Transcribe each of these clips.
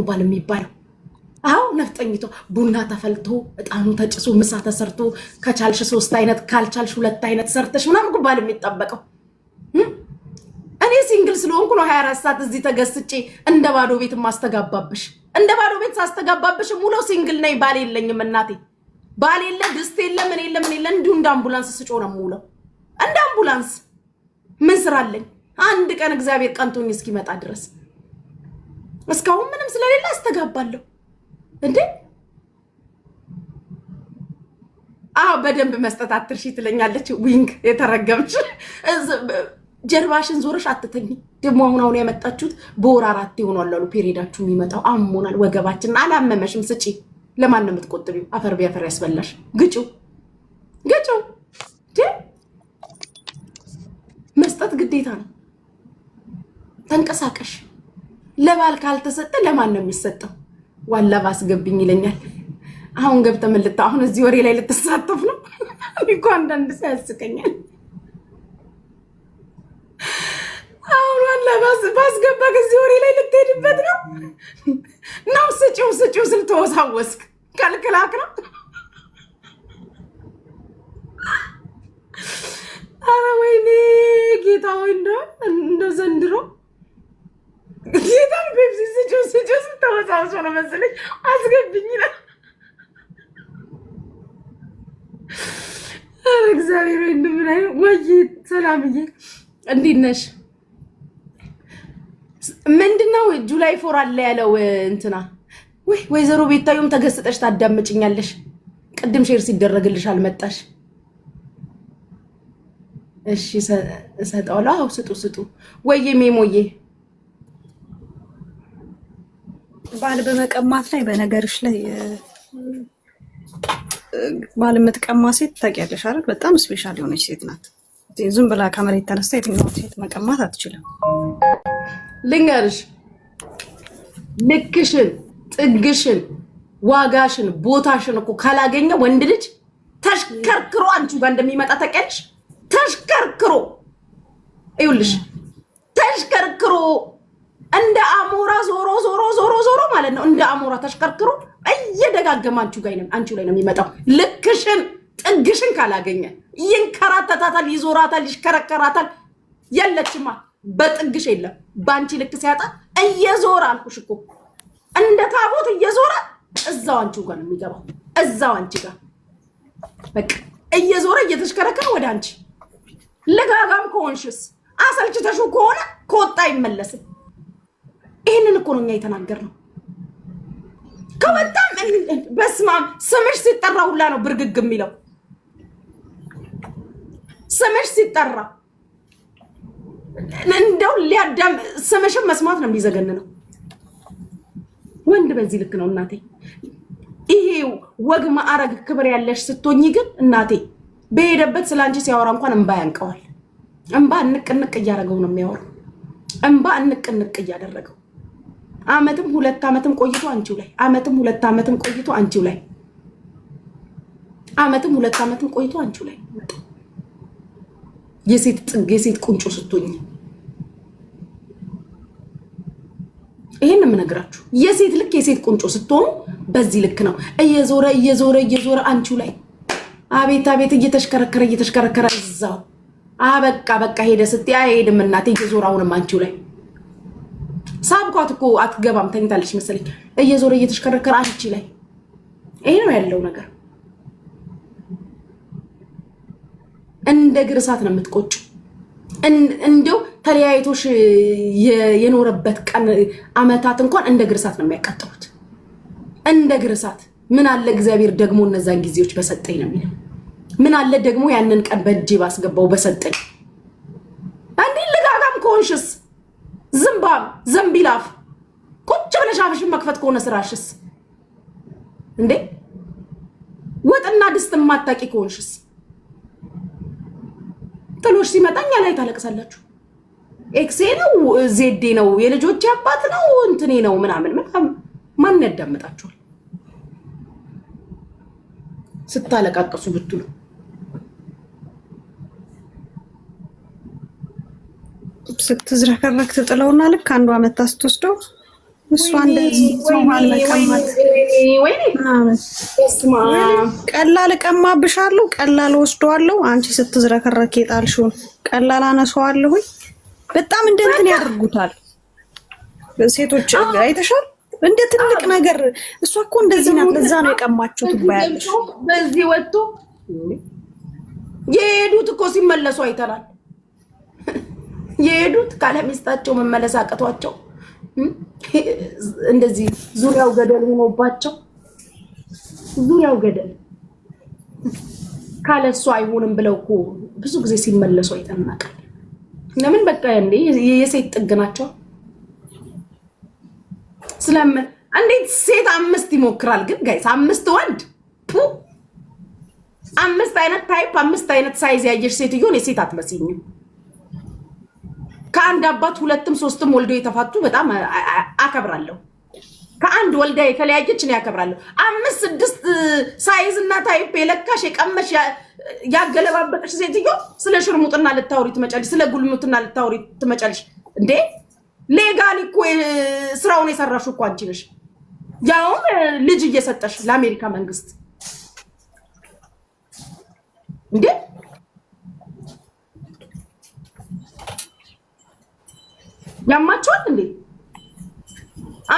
ነው ባል የሚባለው። አዎ ነፍጠኝቶ ቡና ተፈልቶ እጣኑ ተጭሶ ምሳ ተሰርቶ ከቻልሽ ሶስት አይነት ካልቻልሽ ሁለት አይነት ሰርተሽ ምናምን ባል የሚጠበቀው። እኔ ሲንግል ስለሆንኩ ነው አራት ሰዓት እዚህ ተገስጬ እንደ ባዶ ቤት ማስተጋባብሽ። እንደ ባዶ ቤት ሳስተጋባብሽ ሙለው ሲንግል ነኝ፣ ባል የለኝም እናቴ። ባል የለ፣ ድስት የለ፣ ምን የለ፣ ምን የለ። እንዲሁ እንደ አምቡላንስ ስጮ ነው የምውለው፣ እንደ አምቡላንስ። ምን ስራ አለኝ? አንድ ቀን እግዚአብሔር ቀንቶኝ እስኪመጣ ድረስ እስካሁን ምንም ስለሌለ አስተጋባለሁ እንዴ? አዎ በደንብ መስጠት አትርሺ ትለኛለች። ዊንግ የተረገምች ጀርባሽን ዞረሽ አትተኝ። ደግሞ አሁን አሁን የመጣችሁት በወር አራት ይሆናል አሉ ፔሬዳችሁ የሚመጣው አሞናል፣ ወገባችን አላመመሽም? ስጪ። ለማን ነው የምትቆጥቢው? አፈር ቢያፈር ያስበላሽ። ግጩ ግጩ። መስጠት ግዴታ ነው። ተንቀሳቀሽ ለባል ካልተሰጠ ለማን ነው የሚሰጠው? ዋላ ባስገብኝ ይለኛል። አሁን ገብተ ምን ልታ አሁን እዚህ ወሬ ላይ ልትሳተፍ ነው እኮ። አንዳንድ ሰው ያስቀኛል። አሁን ዋላ ባስገባ እዚህ ወሬ ላይ ልትሄድበት ነው ነው። ስጪው ስጪው ስል ተወሳወስክ። ከልክላክ ነው። አረ ወይኔ ጌታ ወይ እንደ ዘንድሮ ጌታን ፔፕሲ ስጭው ስጭው ስታወሳውሶ ነው መሰለኝ አስገብኝ ይላል። እግዚአብሔር ወይ እንደምን አይ ወይ ሰላምዬ፣ እንዴት ነሽ? ምንድን ጁላይ ፎር አለ ያለው እንትና ወይ ወይዘሮ ቤታዮም ተገስጠሽ ታዳምጭኛለሽ። ቅድም ሼር ሲደረግልሽ አልመጣሽ። እሺ እሰጠዋለሁ። አዎ ስጡ ስጡ። ወይዬ ሜሞዬ ባል በመቀማት ላይ በነገርሽ ላይ ባል የምትቀማ ሴት ታውቂያለሽ አይደል? በጣም ስፔሻል የሆነች ሴት ናት። ዝም ብላ ከመሬት ተነስታ የትኛው ሴት መቀማት አትችልም። ልንገርሽ፣ ልክሽን፣ ጥግሽን፣ ዋጋሽን፣ ቦታሽን እኮ ካላገኘ ወንድ ልጅ ተሽከርክሮ አንቺ ጋር እንደሚመጣ ታውቂያለሽ። ተሽከርክሮ ይኸውልሽ፣ ተሽከርክሮ እንደ አሞራ ዞሮ ዞሮ ዞሮ ዞሮ ማለት ነው እንደ አሞራ ተሽከርክሮ እየደጋገመ አንቺ ጋ አንቺ ላይ ነው የሚመጣው። ልክሽን ጥግሽን ካላገኘ ይንከራተታታል፣ ይዞራታል፣ ይሽከረከራታል። የለችማ በጥግሽ የለም። በአንቺ ልክ ሲያጣ እየዞረ አልኩሽ እኮ እንደ ታቦት እየዞረ እዛው አንቺ ጋ ነው የሚገባው። እዛው አንቺ ጋ በቃ እየዞረ እየተሽከረከረ ወደ አንቺ ልጋጋም ከሆንሽስ አሰልችተሹ ከሆነ ከወጣ አይመለስም። ይህንን እኮ ነው እኛ የተናገርነው። ከወጣም በስማ ስምሽ ሲጠራ ሁላ ነው ብርግግ የሚለው ስምሽ ሲጠራ እንደው ሊያዳም ስምሽን መስማት ነው የሚዘገን ነው። ወንድ በዚህ ልክ ነው እናቴ። ይሄ ወግ ማዕረግ ክብር ያለሽ ስትሆኝ ግን እናቴ በሄደበት ስለ አንቺ ሲያወራ እንኳን እንባ ያንቀዋል። እንባ እንቅ እያደረገው ነው የሚያወራው። እንባ እንቅ እያደረገው አመትም ሁለት አመትም ቆይቶ አንቺው ላይ አመትም ሁለት አመትም ቆይቶ አንቺው ላይ አመትም ሁለት አመትም ቆይቶ አንቺው ላይ የሴት ጥግ የሴት ቁንጮ ስትሆኝ ይሄን የምነግራችሁ የሴት ልክ የሴት ቁንጮ ስትሆኑ በዚህ ልክ ነው። እየዞረ እየዞረ እየዞረ አንቺው ላይ አቤት አቤት እየተሽከረከረ እየተሽከረከረ እዛው አበቃ በቃ ሄደ ስትይ አይሄድም እናቴ እየዞረ አሁንም አንቺው ላይ ሳብኳት እኮ አትገባም፣ ተኝታለች መሰለኝ። እየዞረ እየተሽከረከረ አንቺ ላይ ይሄ ነው ያለው ነገር። እንደ እግር እሳት ነው የምትቆጩ። እንዲው ተለያይቶሽ የኖረበት ቀን አመታት እንኳን እንደ እግር እሳት ነው የሚያቃጥሉት። እንደ እግር እሳት ምን አለ እግዚአብሔር ደግሞ እነዛን ጊዜዎች በሰጠኝ ነው የሚለው። ምን አለ ደግሞ ያንን ቀን በእጄ ባስገባው በሰጠኝ ዘንባም ዘንቢላፍ ቁጭ ብለሽ አፍሽን መክፈት ከሆነ ስራሽስ እንዴ ወጥና ድስት ማታቂ ከሆንሽስ ጥሎሽ ሲመጣ እኛ ላይ ታለቅሳላችሁ። ኤክሴ ነው ዜዴ ነው የልጆች አባት ነው እንትኔ ነው ምናምን ምናምን ማን ያዳምጣችኋል? ስታለቃቀሱ ብትሉ ስትዝረከረክ ትጥለውና ልክ አንዷ መታ ስትወስደው እሷ ቀላል እቀማብሻለሁ፣ ቀላል ወስደዋለሁ። አንቺ ስትዝረከረክ የጣልሽውን ቀላል አነሰዋለሁኝ። በጣም እንደ እንትን ያደርጉታል ሴቶች አይተሻል። እንደ ትልቅ ነገር እሷ እኮ እንደዚህ ናት። ለዛ ነው የቀማችሁ ትባያለሽ። በዚህ ወጥቶ የሄዱት እኮ ሲመለሱ አይተናል። የሄዱት ሚስታቸው መመለስ አቅቷቸው እንደዚህ ዙሪያው ገደል ሆኖባቸው ዙሪያው ገደል ካለሱ አይሆንም ብለው እኮ ብዙ ጊዜ ሲመለሱ አይጠናቃል። ለምን በቃ እንዴ የሴት ጥግ ናቸው። ስለምን እንዴት ሴት አምስት ይሞክራል? ግን ጋይስ አምስት ወንድ አምስት አይነት ታይፕ አምስት አይነት ሳይዝ ያየሽ ሴትዮን የሴት አትመስኝም። ከአንድ አባት ሁለትም ሶስትም ወልደው የተፋቱ በጣም አከብራለሁ። ከአንድ ወልዳ የተለያየች ነው ያከብራለሁ። አምስት ስድስት ሳይዝ እና ታይፕ የለካሽ የቀመሽ ያገለባበጠች ሴትዮ ስለ ሽርሙጥና ልታወሪ ትመጫለሽ፣ ስለ ጉልሙትና ልታወሪ ትመጫለሽ። እንዴ ሌጋሊ እኮ ስራውን የሰራሹ እኮ አንቺ ነሽ፣ ያውም ልጅ እየሰጠሽ ለአሜሪካ መንግስት እንዴ ያማችኋል እንዴ?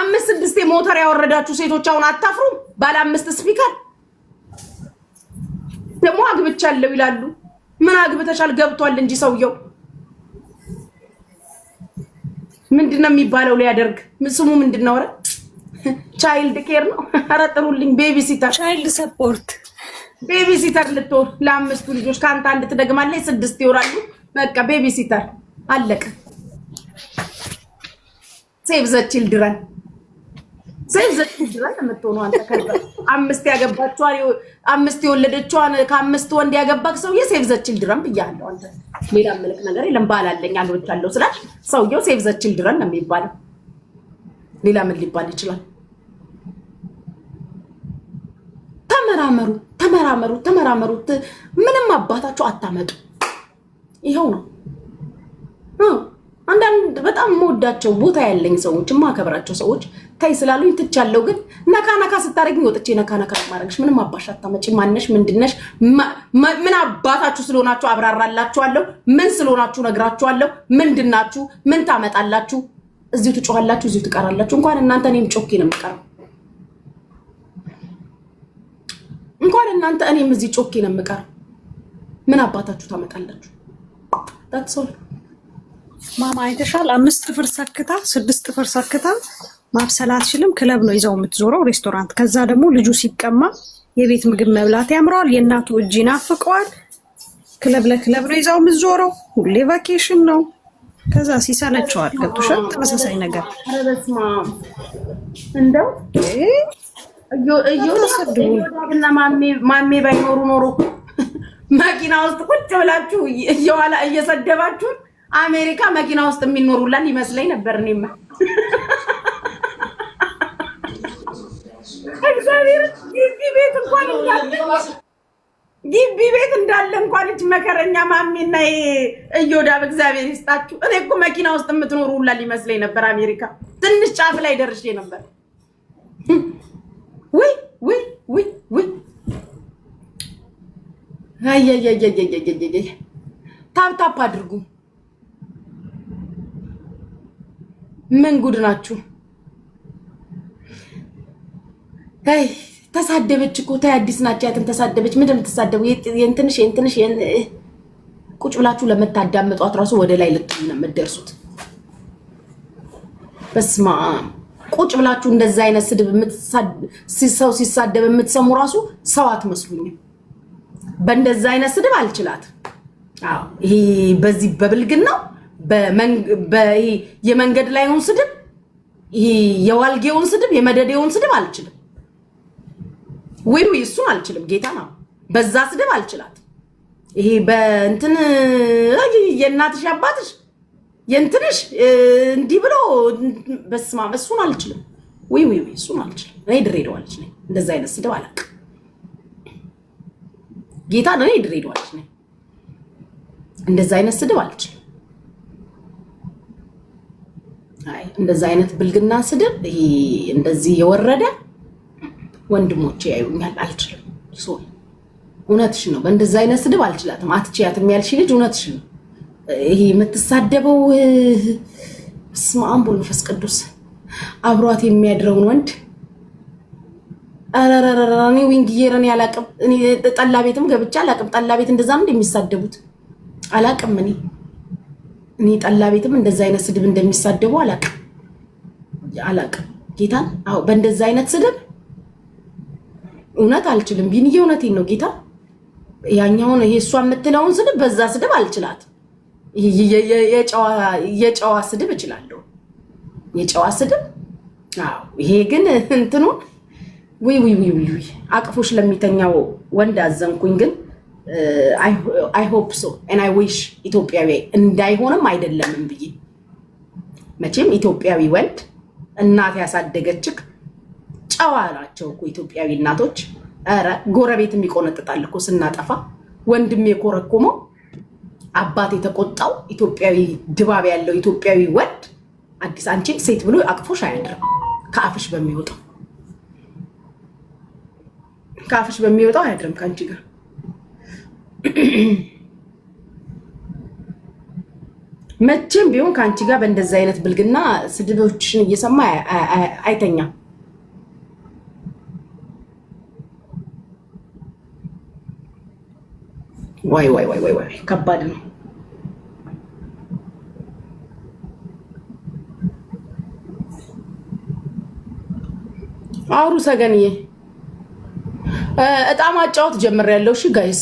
አምስት ስድስት ሞተር ያወረዳችሁ ሴቶች አሁን አታፍሩም? ባለ አምስት ስፒከር ደግሞ አግብቻለሁ ይላሉ። ምን አግብተሻል? ገብቷል እንጂ ሰውየው ምንድን ነው የሚባለው? ሊያደርግ ስሙ ምንድን ነው? ኧረ ቻይልድ ኬር ነው። ኧረ ጥሩልኝ፣ ቤቢ ቻይልድ ሰፖርት፣ ቤቢ ልትሆን ለአምስቱ ልጆች ከአንተ አንድ ትደግማለች፣ ስድስት ይወራሉ። በቃ ቤቢ አለቀ። ሴቭ ዘ ችልድረን ሴቭ ዘ ችልድረን የምትሆኑ አንተ ከዛ አምስት ያገባችኋል አምስት የወለደችዋን ከአምስት ወንድ ያገባክ ሰውዬ ሴቭ ዘ ችልድረን ብያለሁ። አንተ ሌላ ምልክ ነገር የለም። ባል አለኝ አለው ስላል ሰውየው ሴቭ ዘ ችልድረን ነው የሚባለው። ሌላ ምን ሊባል ይችላል? ተመራመሩ፣ ተመራመሩ፣ ተመራመሩ። ምንም አባታችሁ አታመጡ። ይኸው ነው። የምወዳቸው ቦታ ያለኝ ሰዎች የማከብራቸው ሰዎች ታይ ስላሉኝ ትቻለው። ግን ነካ ስታደረግኝ ወጥቼ ነካነካ ማድረግሽ ምንም አባሽ አታመጪ። ማነሽ? ምንድነሽ? ምን አባታችሁ ስለሆናችሁ አብራራላችኋለሁ። ምን ስለሆናችሁ ነግራችኋለሁ። ምንድናችሁ? ምን ታመጣላችሁ? እዚሁ ትጮኋላችሁ፣ እዚሁ ትቀራላችሁ። እንኳን እናንተ እኔም ጮኬ ነው የምቀረው። እንኳን እናንተ እኔም እዚህ ጮኬ ነው የምቀረው። ምን አባታችሁ ታመጣላችሁ? ማማ አይተሻል። አምስት ጥፍር ሰክታ ስድስት ጥፍር ሰክታ ማብሰል አትችልም። ክለብ ነው ይዘው የምትዞረው ሬስቶራንት። ከዛ ደግሞ ልጁ ሲቀማ የቤት ምግብ መብላት ያምረዋል። የእናቱ እጅ ይናፍቀዋል። ክለብ ለክለብ ነው ይዘው የምትዞረው። ሁሌ ቫኬሽን ነው። ከዛ ሲሰለቸዋል። ገብቶሻል? ተመሳሳይ ነገር ማሜ ባይኖሩ ኖሮ መኪና ውስጥ ቁጭ ብላችሁ እየዋላ እየሰደባችሁን አሜሪካ መኪና ውስጥ የሚኖሩላን ይመስለኝ ነበር። እኔማ እግዚአብሔር ግቢ ቤት እንኳን ግቢ ቤት እንዳለ እንኳን እች መከረኛ ማሚና እዮዳብ እግዚአብሔር ይስጣችሁ። እኔ እኮ መኪና ውስጥ የምትኖሩ ሁላ ሊመስለኝ ነበር። አሜሪካ ትንሽ ጫፍ ላይ ደርሼ ነበር። ውይ ውይ ውይ ውይ ታፕታፕ አድርጉ። ምን ጉድ ናችሁ? ይ ተሳደበች እኮ ታይ አዲስ ናቸው ያትን ተሳደበች። ምንድን ነው የምትሳደቡ? የእንትንሽ የእንትንሽ ቁጭ ብላችሁ ለምታዳምጧት ራሱ ወደ ላይ ልትሆን ነው የምትደርሱት። በስማ ቁጭ ብላችሁ እንደዛ አይነት ስድብ ሰው ሲሳደብ የምትሰሙ ራሱ ሰው አትመስሉኝም። በእንደዛ አይነት ስድብ አልችላት። ይሄ በዚህ በብልግን ነው የመንገድ ላይውን ስድብ፣ የዋልጌውን ስድብ፣ የመደዴውን ስድብ አልችልም። ወይ እሱን አልችልም። ጌታ ነው በዛ ስድብ አልችላት። ይሄ በእንትን የእናትሽ አባትሽ የእንትንሽ እንዲህ ብሎ በስማ እሱን አልችልም። ወይ ወይ እሱን አልችልም። እኔ ድሬዳዋ ልጅ ነኝ። እንደዛ አይነት ስድብ አላውቅም። ጌታ ነው። እኔ ድሬዳዋ ልጅ ነኝ። እንደዛ አይነት ስድብ አልችልም። እንደዚህ አይነት ብልግና ስድብ እንደዚህ የወረደ ወንድሞቼ ያዩኛል፣ አልችልም። ሶሪ እውነትሽ ነው። በእንደዚህ አይነት ስድብ አልችላትም። አትችያትም ያልሽ ልጅ እውነትሽ ነው። ይሄ የምትሳደበው ስመ አብ ወወልድ ቅዱስ አብሯት የሚያድረውን ወንድ እኔ ዊንግየረን ያላቅም። አላቅም። ጠላ ቤትም ገብቼ አላቅም። ጠላ ቤት እንደዛ ነው የሚሳደቡት። አላቅም እኔ እኔ ጠላ ቤትም እንደዛ አይነት ስድብ እንደሚሳደቡ አላቅም አላቅም። ጌታ በእንደዛ አይነት ስድብ እውነት አልችልም። ቢንዬ እውነቴን ነው ጌታ ያኛውን ይሄ እሷ የምትለውን ስድብ በዛ ስድብ አልችላት። የጨዋ ስድብ እችላለሁ፣ የጨዋ ስድብ። ይሄ ግን እንትኑን ውይ ውይ ውይ አቅፎሽ ለሚተኛው ወንድ አዘንኩኝ ግን አይ ሆፕ ሶ አይ ዊሽ ኢትዮጵያዊ እንዳይሆንም አይደለምም ብዬ መቼም ኢትዮጵያዊ ወንድ እናት ያሳደገችክ ጨዋ ናቸው እኮ ኢትዮጵያዊ እናቶች። ኧረ ጎረቤትም ይቆነጥጣል እኮ ስናጠፋ። ወንድም የኮረኮመው አባት የተቆጣው ኢትዮጵያዊ ድባብ ያለው ኢትዮጵያዊ ወንድ አዲስ አንቺ ሴት ብሎ አቅፎሽ አያድርም። ከአፍሽ በሚወጣው ከአፍሽ በሚወጣው አያድርም ከአንቺ ጋር መቼም ቢሆን ከአንቺ ጋር በእንደዚህ አይነት ብልግና ስድቦችን እየሰማ አይተኛም። ዋይ ዋይ ዋይ ዋይ ዋይ ከባድ ነው። አውሩ ሰገንዬ፣ እጣ ማጫወት ጀምሬያለሁ። እሺ ጋይስ